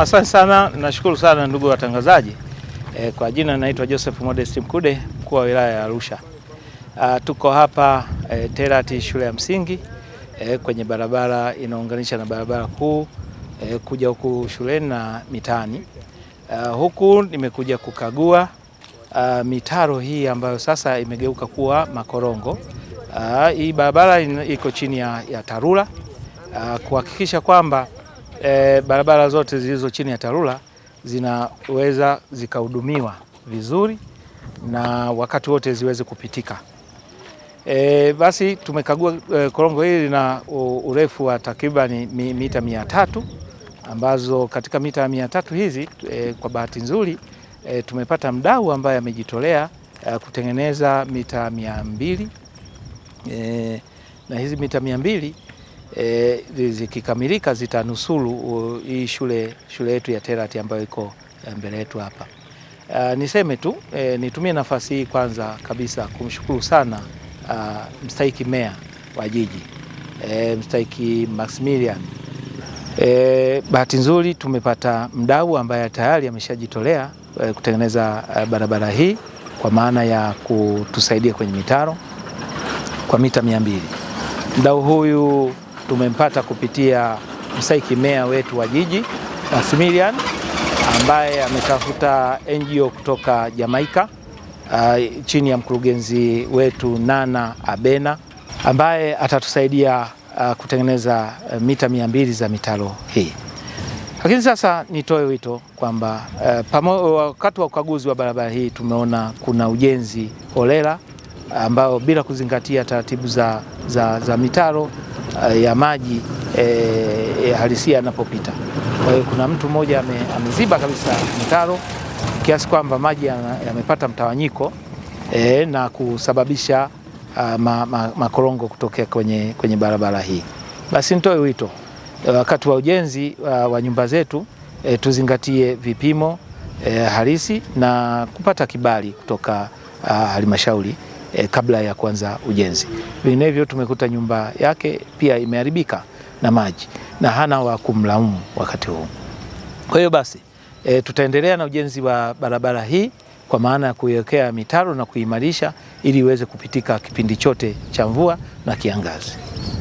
Asante sana, nashukuru sana ndugu watangazaji. E, kwa jina naitwa Joseph Modest Mkude, mkuu wa wilaya ya Arusha. A, tuko hapa e, Terati shule ya msingi e, kwenye barabara inaunganisha na barabara kuu e, kuja huku shuleni na mitaani. Huku nimekuja kukagua a, mitaro hii ambayo sasa imegeuka kuwa makorongo. A, hii barabara iko chini ya, ya TARURA kuhakikisha kwamba e, barabara zote zilizo chini ya TARURA zinaweza zikahudumiwa vizuri na wakati wote ziweze kupitika. E, basi tumekagua e, korongo hili lina urefu wa takribani mita mia tatu ambazo katika mita mia tatu hizi e, kwa bahati nzuri e, tumepata mdau ambaye amejitolea e, kutengeneza mita mia mbili e, na hizi mita mia mbili e, zikikamilika zitanusuru hii shule shule yetu ya terati ambayo iko e, mbele yetu hapa. Uh, niseme tu e, nitumie nafasi hii kwanza kabisa kumshukuru sana uh, mstahiki meya wa jiji e, mstahiki Maximilian. e, bahati nzuri tumepata mdau ambaye tayari ameshajitolea e, kutengeneza barabara hii kwa maana ya kutusaidia kwenye mitaro kwa mita mia mbili. Mdau huyu tumempata kupitia msaiki meya wetu wa jiji Maximilian ambaye ametafuta NGO kutoka Jamaika uh, chini ya mkurugenzi wetu Nana Abena ambaye atatusaidia uh, kutengeneza uh, mita mia mbili za mitaro hii. Lakini sasa nitoe wito kwamba uh, wakati wa ukaguzi wa barabara hii tumeona kuna ujenzi holela ambao bila kuzingatia taratibu za, za, za mitaro Eh, ya maji e, eh, halisia yanapopita. Kwa hiyo kuna mtu mmoja ame, ameziba kabisa mtaro kiasi kwamba maji yamepata ya mtawanyiko e, na kusababisha a, ah, ma, ma, makorongo kutokea kwenye, kwenye barabara hii. Basi nitoe wito wakati wa ujenzi wa, ah, wa nyumba zetu e, tuzingatie vipimo e, halisi na kupata kibali kutoka ah, halmashauri e, kabla ya kuanza ujenzi. Vinginevyo tumekuta nyumba yake pia imeharibika na maji na hana wa kumlaumu wakati huu. Kwa hiyo basi e, tutaendelea na ujenzi wa barabara hii kwa maana ya kuiwekea mitaro na kuimarisha ili iweze kupitika kipindi chote cha mvua na kiangazi.